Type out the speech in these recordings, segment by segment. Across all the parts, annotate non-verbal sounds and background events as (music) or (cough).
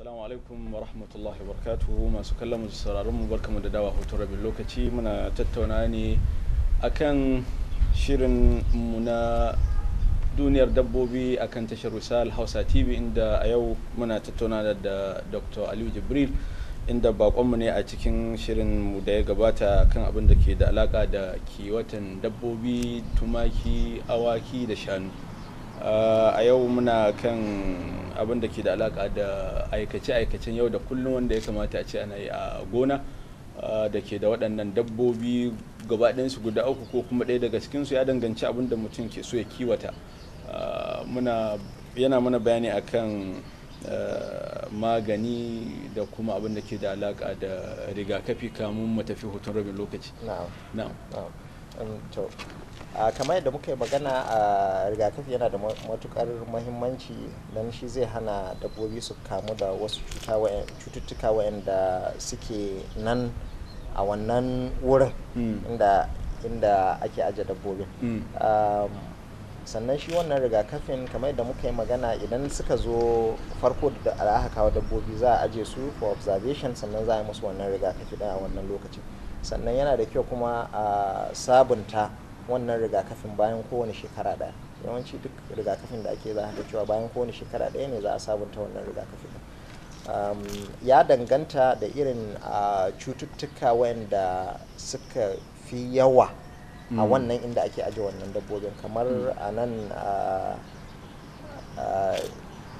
Assalamu alaikum wa rahmatullahi wa masu kallon masu sauraron mu barkamu da dawa hoton rabin lokaci muna tattauna ne akan shirin mu na duniyar dabbobi akan tashar Wisal Hausa TV inda a yau muna tattauna da Dr. Aliyu Jibril inda bakonmu ne a cikin shirin mu da ya gabata kan abin da ke da alaka da kiwatan dabbobi tumaki awaki da shanu. Eh, a yau muna kan abin da ke da alaka da aikace-aikacen yau da kullum wanda ya kamata a ce ana yi a gona eh, da ke da waɗannan dabbobi gabaɗinsu guda uku ko kuma ɗaya daga cikinsu ya danganci abin da mutum ke so ya kiwata eh, muna yana mana bayani akan magani da kuma abin da ke da alaka da rigakafi kamun mu tafi hutun rabin lokaci na'am um, a kamar yadda muka yi magana a rigakafi yana da matukar mahimmanci don shi zai hana dabbobi su kamu da wasu cututtuka waɗanda suke nan a wannan wurin mm. inda ake aje dabbobi mm. sannan shi wannan rigakafin kamar yadda muka yi magana idan suka zo farko da aka kawo dabbobi za a aje su for observation sannan za a yi musu wannan rigakafi a wannan lokacin sannan yana da kyau kuma a sabunta wannan rigakafin bayan kowane shekara ɗaya yawanci duk rigakafin da ake za a cewa bayan kowane shekara ɗaya ne za a sabunta wannan rigakafi ya danganta da irin cututtuka wanda suka fi yawa a mm. wannan inda ake ajiye wannan dabbobin kamar mm. a nan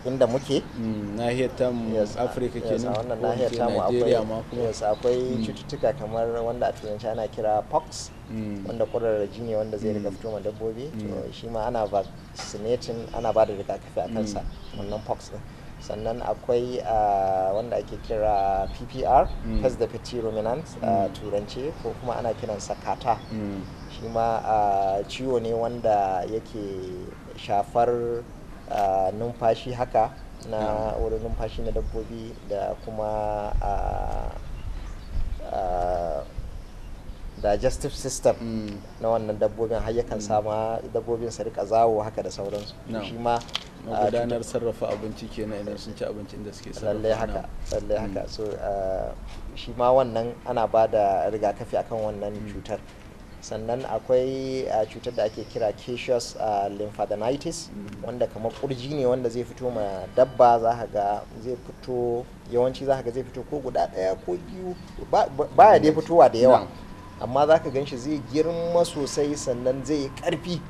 inda muke mm, nahiyar tamu afirka ke nan wannan nahiyar tamu akwai mm. cututtuka kamar wanda a turanci ana kira pox mm. wanda ƙwararraji ne wanda zai riga fito ma dabbobi shi ma ana vaccinating ana ba da rigakafi a kansa wannan pox din sannan akwai wanda ake kira ppr pes da petit ruminant a turance ko kuma ana kiransa kata shi ma ciwo ne wanda yake shafar numfashi haka na wurin numfashi na dabbobi da kuma digestive system mm. na wannan dabbobin har yakan mm. sama dabbobin su rika zawo haka da sauransu shi ma gudanar sarrafa abinci na idan sun ci abincin da suke sarrafa lallai haka lallai mm. haka so shi ma wannan ana ba da rigakafi akan wannan cutar sannan akwai a cutar da ake kira caseous lymphadenitis mm. wanda kamar kurji ne wanda zai fito ma dabba za ka ga zai fito yawanci za ka ga zai fito ko guda daya ko biyu baya dai fitowa da yawa amma za ka gan shi zai girma sosai sannan zai karfi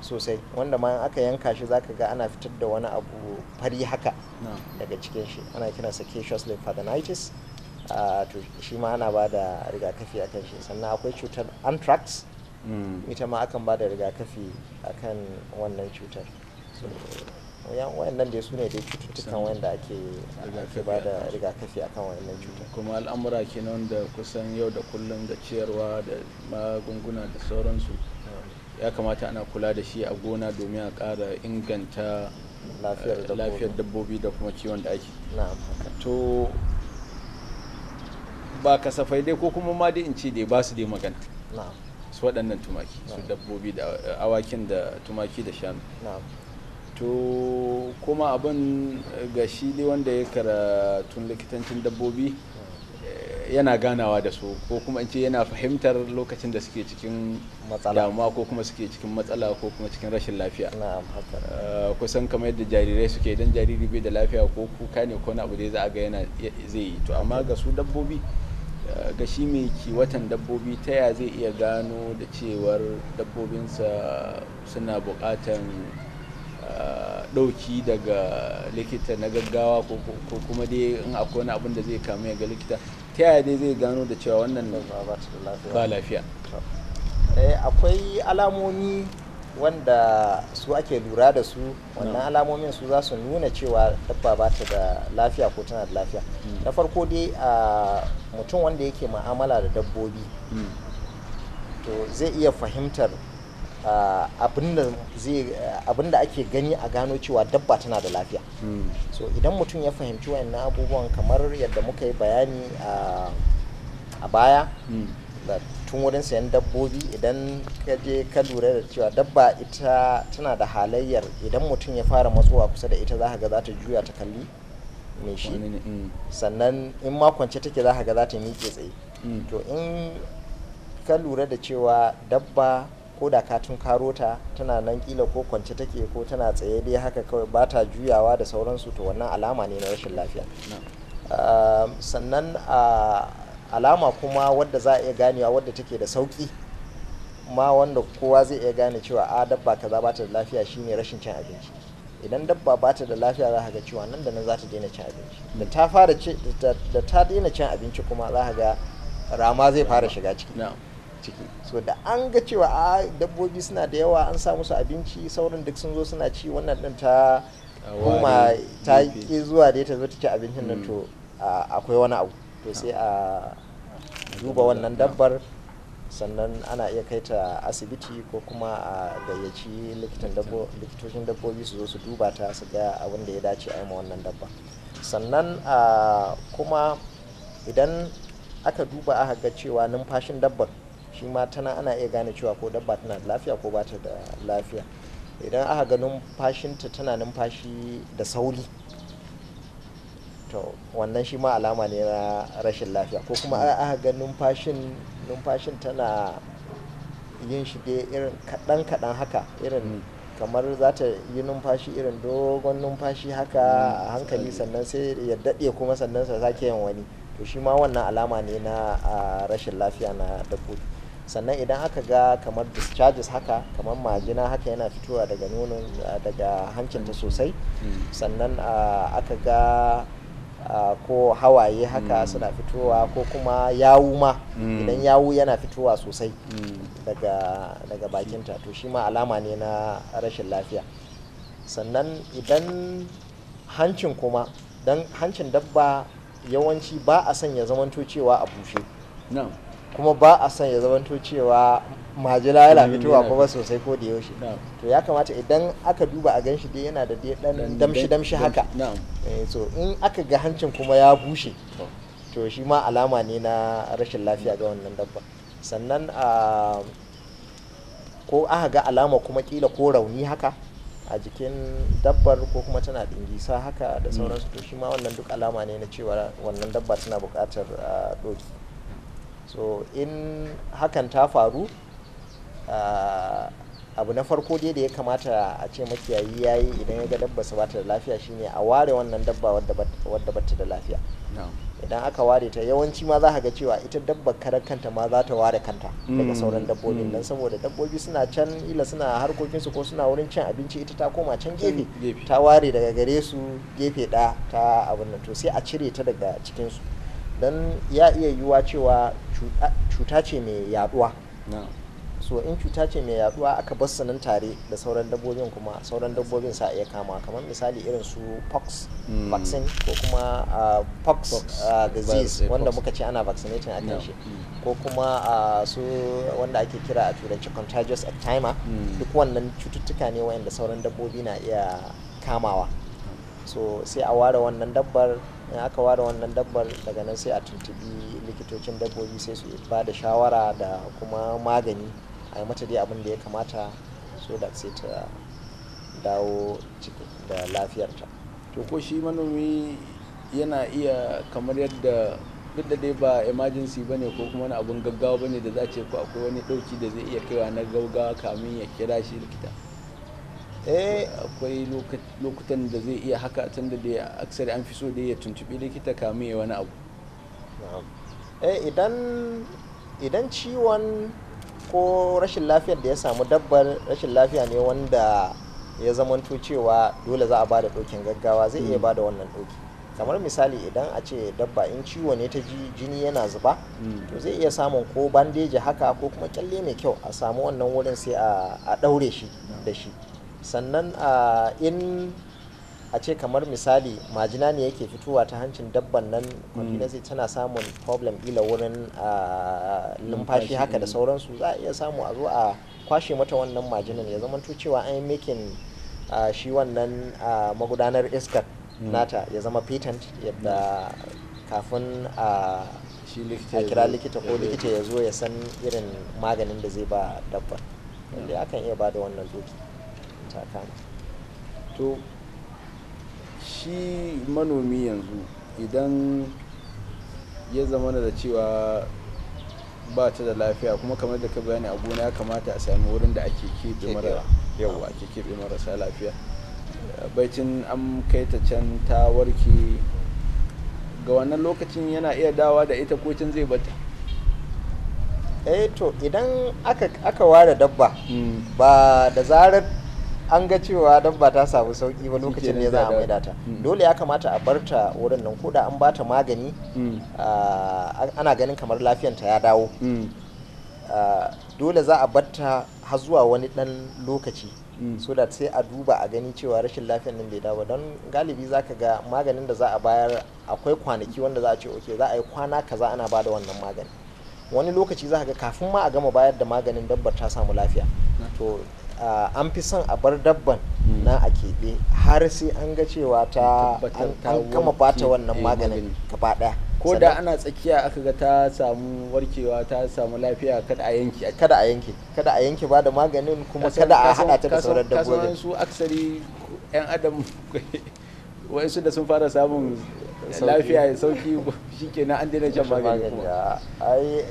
sosai wanda ma aka yanka shi za ka ga ana fitar da wani abu fari haka daga cikin shi ana kiransa caseous lymphadenitis to shi ma ana ba da rigakafi akan shi sannan akwai cutar anthrax mm. ita ma akan ba da rigakafi akan wannan cutar wayannan dai su ne dai cututtukan wanda ake ake ba da rigakafi akan wannan cutar kuma al'amura kenan da kusan yau da kullum da ciyarwa da magunguna da sauransu ya kamata ana kula da shi a gona domin a ƙara inganta lafiyar eh, dabbobi da kuma ciwon da ake to ba kasafai dai ko kuma ma dai in ce dai ba su dai magana su waɗannan tumaki su dabbobi da awakin da tumaki da shanu to kuma abin ga shi dai wanda ya karatun likitancin dabbobi eh, yana ganawa da su ko kuma in ce yana fahimtar lokacin da suke cikin damuwa ko kuma suke cikin matsala ko kuma cikin rashin lafiya eh, kusan kamar yadda jarirai suke idan jariri bai da lafiya ko kuka ne ko na abu da za a ga yana zai yi to amma ga su dabbobi ga shi mai kiwatan dabbobi ta ya zai iya gano da cewar dabbobinsa suna bukatan ah, ɗauki daga likita na gaggawa ko kuma dai in akwai wani abin da zai kamu ya ga likita ta yaya dai zai gano da cewa wannan ba lafiya eh, akwai alamomi wanda su ake lura da su wannan alamomin su za su nuna cewa dabba ba ta da lafiya ko tana da lafiya hmm. na farko dai ah, mutum wanda yake ma'amala da dabbobi hmm. to zai iya fahimtar abin da ake gani a gano cewa dabba tana da lafiya hmm. so idan mutum ya fahimci wayannan abubuwan kamar yadda muka yi bayani a baya hmm. da tun wurin sayan dabbobi idan ka je ka lura da cewa dabba ita tana da halayyar idan mutum ya fara matsowa kusa da ita za ka ga za ta juya ta kalli mai shi mm. sannan in makwance take za ga za ta miƙe tsaye mm. to in ka lura da cewa dabba ko da ka tana nan kila ko kwance take ko tana tsaye dai haka kawai ba ta juyawa da sauransu to wannan alama ne na rashin lafiya sannan alama kuma wadda za a iya ganewa wadda take da sauki ma wanda kowa zai iya gane cewa a dabba kaza ba ta da lafiya shine rashin cin abinci idan dabba ba ta da lafiya za ga cewa nan da nan za ta daina cin abinci da ta fara da ta daina cin abinci kuma za ga rama zai fara shiga ciki ciki so da an ga cewa a dabbobi suna da yawa an sa musu abinci saurin duk sun zo suna ci wannan din ta kuma ta ki zuwa da ta zo ta ci abincin nan hmm. to akwai wani abu to sai a duba wannan dabbar sannan ana iya kai ta asibiti ko kuma a gayyaci likitocin dabbobi su zo su duba ta su ga abin da ya dace a yi wannan dabba sannan kuma idan aka duba aka ga cewa numfashin dabbar shi ma tana ana iya gane cewa ko dabba tana da lafiya ko ba ta da lafiya idan aka ga numfashinta tana numfashi da sauri to wannan shi ma alama ne na rashin lafiya ko kuma aka ga numfashin numfashin tana yin shi irin kaɗan kaɗan haka irin mm. kamar za ta yi numfashi irin dogon numfashi haka mm. a hankali sannan sai ya daɗe kuma sannan sa sake yin wani to shi ma wannan alama ne na rashin lafiya na dabbobi sannan idan aka ga kamar discharges haka kamar majina haka yana fitowa daga nonon daga hancinta sosai mm. sannan aka ga ko hawaye haka mm. suna fitowa ko kuma yawu ma mm. idan yawu yana fitowa sosai mm. daga bakinta to shi ma alama ne na rashin lafiya sannan idan hancin kuma don hancin dabba yawanci ba a sanya ya zamanto cewa a bushe kuma ba a son ya zamanto cewa ya yana fitowa ba sosai ko da yaushe to ya kamata idan aka duba a ganshi dai yana da dai dan damshi damshi haka eh, so in aka ga hancin kuma ya bushe to shi ma alama ne na rashin lafiya ga wannan dabba sannan a ah, ko aka ga alama kuma kila ko rauni haka a jikin dabbar ko kuma tana dingisa haka da mm. sauransu to shi ma wannan duk alama ne na cewa wannan dabba tana buƙatar doki ah, so in hakan ta faru uh, abu na farko dai da ya kamata a ce makiyayi ya yi idan ya ga dabba su bata da lafiya shine a ware wannan dabba wadda bata da lafiya idan aka ware ta yawanci ma za ka ga cewa ita dabba karar kanta ma za ta ware kanta daga mm. sauran dabbobin mm. nan saboda dabbobi suna can ila suna harkokinsu ko suna wurin cin abinci ita ta koma can mm, gefe ta ware daga gare su gefe ɗa ta abin nan to sai a cire ta daga cikinsu don ya iya yiwuwa cewa cuta ce mai yaduwa so in cuta ce mai yaduwa aka bar nan tare da sauran dabbobin kuma sauran dabbobin sa iya kama kamar misali irin su pox hmm. vaccine ko kuma ah, pox ah, eh, disease wanda muka ce ana vaccinating a shi hmm. ko kuma ah, su wanda ake kira a turanci contagious timer hmm. duk wannan cututtuka ne wayanda sauran dabbobi na iya kamawa so sai a ware wannan dabbar in aka ware wannan dabbar daga nan sai a tuntubi likitocin dabbobi sai su ba da shawara da kuma magani a yi mata dai abin da ya kamata so da sai ta dawo da lafiyarta to ko shi manomi yana iya kamar yadda duk da dai ba emergency bane ko kuma wani abun gaggawa bane da za ce ko akwai wani dauki da zai iya kaiwa na gaugawa kamin ya kira shi likita eh akwai lokutan da zai iya haka tun da dai aksari an fi so dai ya tuntubi likita kamun ya wani abu eh idan idan ciwon ko rashin lafiyar da ya samu dabbar rashin lafiya ne wanda ya zamanto cewa dole za a bada ɗokin gaggawa zai iya hmm. bada wannan ɗoki kamar misali idan a ce dabba in ciwo ne ta ji jini yana zuba hmm. to zai iya samun ko bandeji haka ko kuma kyalle mai kyau a samu wannan wurin sai a ɗaure shi da shi sannan a ah, in a ce kamar misali majina ne yake fitowa ta hancin dabban nan confidence mm. tana samun problem ila wurin ah, numfashi haka da sauransu za a iya samu a zo a kwashe mata wannan majinan ya zama cewa an yi makin ah, shi wannan magudanar iskar mm. nata ya zama patent yadda kafin a kira likita ko likita ya zo ya san irin maganin da zai ba dabban wanda akan iya ba da wannan doki ta to shi manomi yanzu idan ya zama da cewa ba ta da lafiya kuma kamar da ka bayani a gona ya kamata a sami wurin da ake keɓe mara yawa ake keɓe marasa lafiya baicin an kai ta can ta warke ga wannan lokacin yana iya dawa da ita ko can zai bata eh to idan aka, ware dabba hmm. ba da zarar an ga cewa dabba ta samu sauki ba lokacin ne za a maida ta hmm. dole ya kamata a barta wurin nan koda an bata magani hmm. ana ganin kamar lafiyanta ya dawo hmm. dole za a ta har zuwa wani dan lokaci so da sai a duba a gani cewa rashin lafiyar nan bai dawo don galibi za ka ga maganin da za a bayar akwai kwanaki wanda za a ce oke za a yi kwana kaza ana bada wannan magani wani lokaci za ga kafin ma a gama bayar da maganin dabbar ta samu lafiya to an fi son a bar dabban hmm. na a keɓe har sai an ga cewa ta an kama bata wannan eh, maganin gaba ɗaya ko da ana tsakiya aka ga ta samu warkewa ta samu lafiya kada a yanke eh, kada a yanke kada a yanke ba da maganin kuma kada a hada ta da sauran dabbobi kasan su aksari yan adam (laughs) wasu da sun fara samun lafiya ya sauki shi ke na an daina shan magani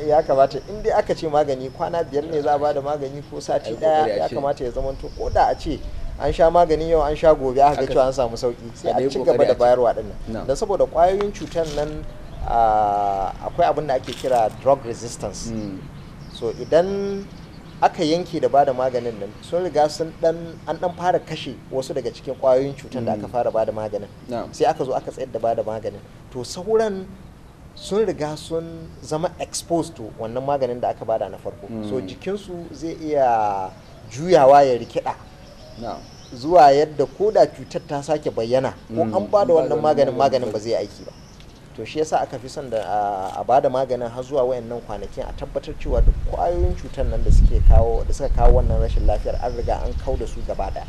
ya kamata in dai aka ce magani kwana biyar ne za a bada magani ko sati daya ya kamata ya zamanto ko da a ce an sha magani yau an sha gobe aka cewa an samu sauki sai a ci gaba da bayarwa dinnan da saboda kwayoyin cutar nan ah, akwai abin da ake kira drug resistance mm. so idan aka yanke da bada maganin nan sun riga sun dan an dan fara kashe wasu daga cikin kwayoyin cutar da aka mm. fara bada maganin sai aka zo aka tsayar da bada maganin to sauran sun riga sun zama exposed to wannan maganin da aka bada na farko mm. so jikinsu zai iya juyawa ya rikida zuwa yadda ko da cutar ta sake bayyana ko mm. an bada wannan maganin maganin ba zai aiki ba to shi yasa aka fi son da a bada maganin har zuwa wayannan kwanakin a tabbatar cewa duk kwayoyin cutar nan da suke kawo da suka kawo wannan rashin lafiyar an riga an kau da su gaba daya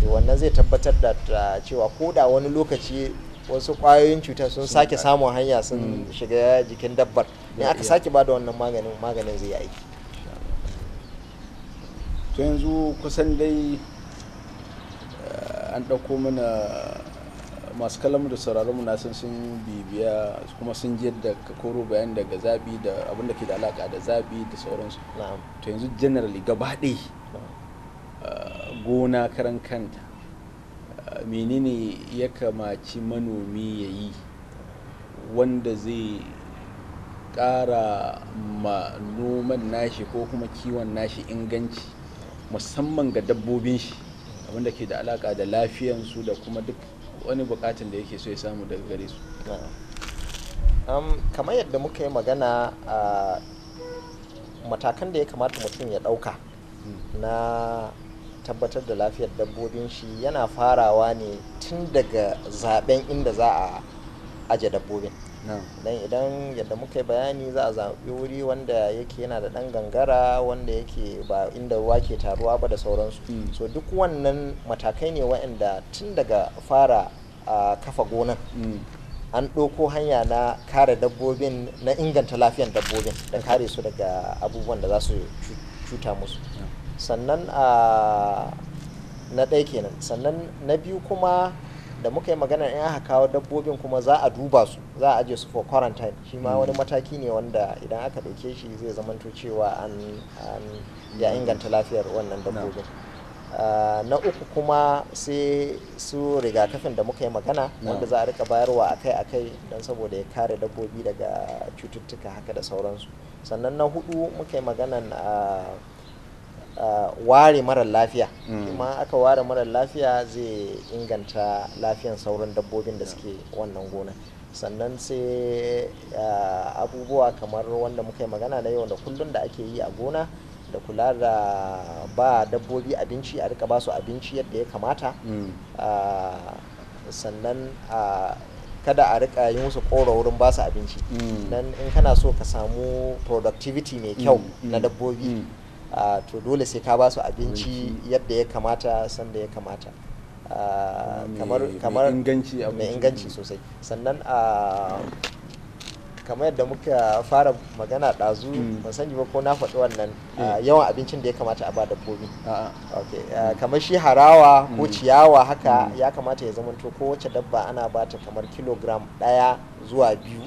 to wannan zai tabbatar da cewa ko da wani lokaci wasu kwayoyin cutar sun sake samun hanya sun hmm. shiga jikin dabbar ne aka sake bada wannan maganin maganin zai aiki to yanzu kusan dai eh, an ɗauko mana masu kalam da sauraron mu na san sun bibiya kuma sun ji yadda ka koro bayan daga zabi da abin da ke da alaka da zabi da sauransu to yanzu generally gaba ah, gona karan kanta ah, menene ya kamaci manomi ya yi wanda zai ƙara ma noman nashi ko kuma kiwon nashi inganci musamman ga dabbobin shi abinda ke da alaka da lafiyansu da kuma duk wani bukatun da yake so ya samu daga gare su kamar yadda muka yi magana a matakan da ya kamata mutum ya ɗauka hmm. na tabbatar da lafiyar dabbobin shi yana farawa ne tun daga zaben inda za a aje dabbobin dan idan yadda muka yi bayani za a zaɓi wuri wanda yake yana da ɗan gangara wanda yake ba inda ruwa ke taruwa ba da sauransu hmm. so duk wannan matakai ne waɗanda tun daga fara a kafa gonan an ɗauko hanya na kare dabbobin na inganta lafiyar dabbobin da kare su daga abubuwan da za su cuta musu sannan a na ɗaya kenan sannan na biyu kuma da muka yi magana in aka kawo dabbobin kuma za a duba su za a aje su for quarantine shi ma wani mataki ne wanda idan aka ɗauke shi zai zamanto cewa an ya inganta lafiyar wannan dabbobin Ah, na uku kuma sai su rigakafin da muka yi magana wanda za a rika bayarwa akai-akai don saboda ya kare dabbobi daga cututtuka haka da sauransu sannan na hudu muka yi maganan ah, ah, ware marar lafiya kuma mm. aka ware mara lafiya zai inganta lafiyan sauran dabbobin da suke wannan gona sannan sai abubuwa kamar wanda muka yi magana na yau da kullum da ake yi a gona da kula da ba dabbobi abinci a rika basu abinci yadda ya kamata mm. ah, sannan ah, kada a rika yi musu kora wurin su abinci mm. nan in kana so ka samu productivity mai kyau mm, na dabbobi ah, to dole sai ka ba su abinci yadda ya kamata sanda ya kamata kamar mai inganci sosai sannan a kamar yadda muka fara magana ɗazu mm. ban sani ba ko na faɗi wannan eh. ah, yawan abincin da ya kamata a ba dabbobi ah, kamar shi harawa ko mm. ciyawa haka mm. ya kamata ya zamanto kowace dabba ana ba ta kamar kilogram ɗaya zuwa biyu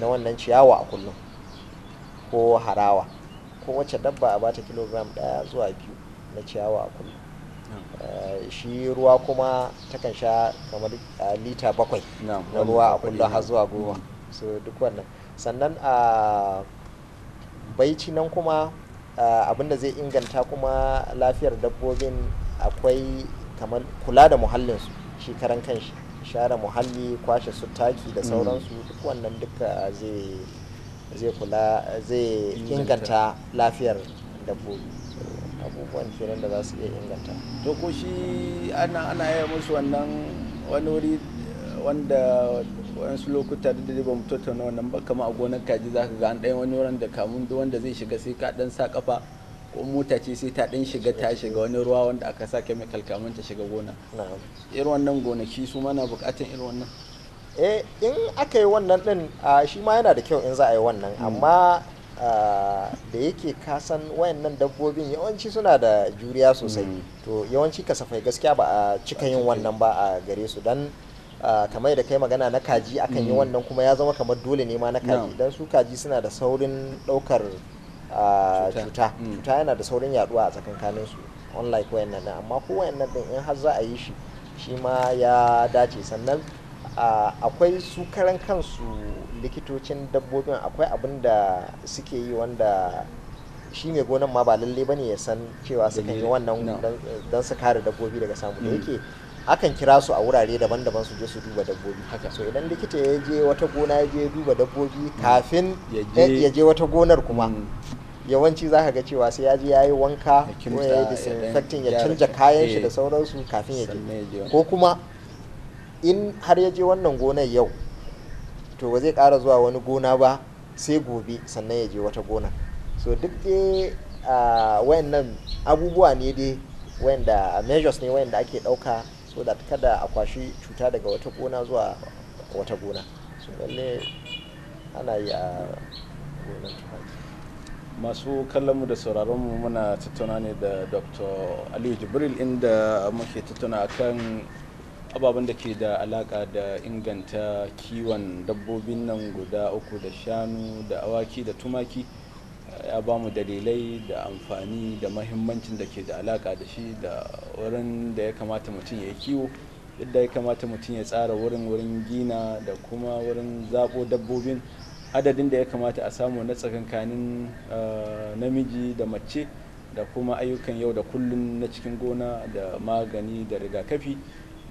na wannan ciyawa a kullum ko harawa kowace dabba a ba ta kilogram ɗaya zuwa biyu na ciyawa a kullum eh, shi ruwa kuma takan sha kamar ah, lita bakwai na ruwa a kullum har zuwa goma so duk wannan sannan a baici nan kuma abinda zai inganta kuma lafiyar dabbobin akwai kamar kula da muhallinsu shi karan kanshi share muhalli kwashe su taki da mm. sauransu duk wannan duka zai kula zai inganta lafiyar dabbobi abubuwan kenan da za su iya inganta to ko shi ana ana yi musu wannan wani wuri wanda wayansu lokuta da dai ba mu tattauna wannan ba kamar a gonar kaji zaka ga an wani wurin da kamun duk wanda zai shiga sai ka ɗan sa kafa ko mota ce sai ta ɗan shiga ta shiga wani ruwa wanda aka sa kemikal kamun ta shiga gona irin wannan gonaki su mana buƙatar irin wannan eh in aka yi wannan din shi ma yana da kyau in za a yi wannan mm. amma da yake kasan wayannan dabbobin yawanci suna da juriya sosai mm. to yawanci kasafai gaskiya ba a cika yin wannan ba a gare su dan Ah, kamar da kai magana na kaji akan yi mm. wannan kuma ya zama kamar dole ne ma na kaji don su kaji suna da saurin ɗaukar ah, cuta mm. cuta yana da saurin yaduwa a tsakankanin su online ko wayannan nan amma ko wayannan din in har za a yi shi shi ma ya dace sannan ah, akwai su karan kansu likitocin dabbobin akwai abin da suke yi wanda shi mai gonan ma ba lalle bane ya san cewa suka yi wannan don su kare dabbobi daga samu da mm. yake akan kira su a wurare daban-daban su je su duba dabbobi so idan likita ya je wata gona ya je duba dabbobi mm. kafin eh, ya je wata gonar kuma mm. yawanci za ka ga cewa sai ya je ya yi wanka ko ya yi disinfecting ya canja kayan shi eh. da sauransu kafin ya je ko kuma in har ya je wannan gonar yau to ba zai kara zuwa wani gona ba sai gobe sannan ya je wata gona so duk dai ah, wayannan abubuwa ne dai wayanda measures ne wayanda ake ɗauka so da kada a kwashi cuta daga wata gona zuwa wata gona su lalle ana yi a gonar tumaki masu kallonmu da sauraronmu muna tattauna ne da dr aliyu jibril inda muke tattauna akan ababen da ke da alaka da inganta kiwon dabbobin nan guda uku da shanu da awaki da tumaki ya ba mu dalilai da amfani da mahimmancin da ke da alaka da shi da wurin da ya kamata mutum ya kiwo yadda ya kamata mutum ya tsara wurin wurin gina da kuma wurin zaɓo dabbobin adadin da ya kamata a samu na tsakankanin eh, namiji da mace da kuma ayyukan yau da kullum na cikin gona da magani da rigakafi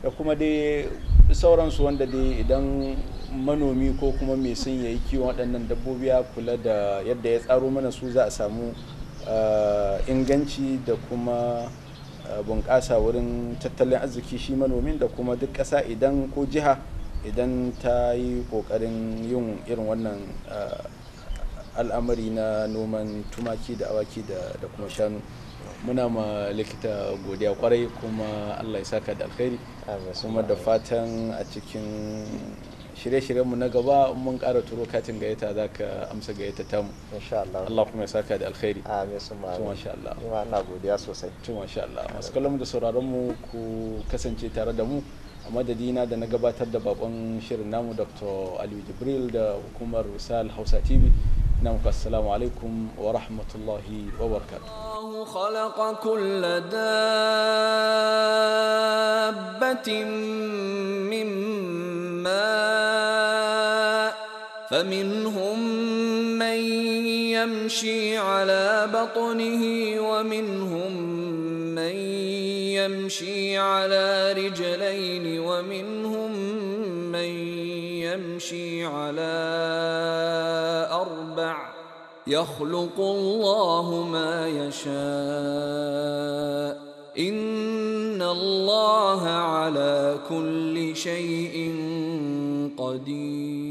da kuma dai sauransu wanda dai idan manomi ko kuma mai sun yi kiwon waɗannan dabbobi ya kula da yadda ya tsaro mana su za a samu eh, inganci da kuma eh, bunƙasa wurin tattalin arziki shi manomin da kuma duk ƙasa idan ko jiha idan ta yi ƙoƙarin yin irin wannan eh, al'amari na noman tumaki da awaki da kuma shanu muna ma likita godiya kwarai kuma allah ya saka da alkhairi kuma da fatan a cikin shirye-shiryenmu na gaba mun kara turo katin gayyata za ka amsa gayyata tamu Allah kuma ya saka da alkhairi amin masu kallon da sauraron mu ku kasance tare da mu a madadina da na gabatar da bakon shirin namu Dr. Aliyu Jibril da hukumar Rusal Hausa TV نمك السلام عليكم ورحمة الله وبركاته الله خلق كل دابة من ماء فمنهم من يمشي على بطنه ومنهم من يمشي على رجلين ومنهم من يمشي على يخلق الله ما يشاء إن الله على كل شيء قدير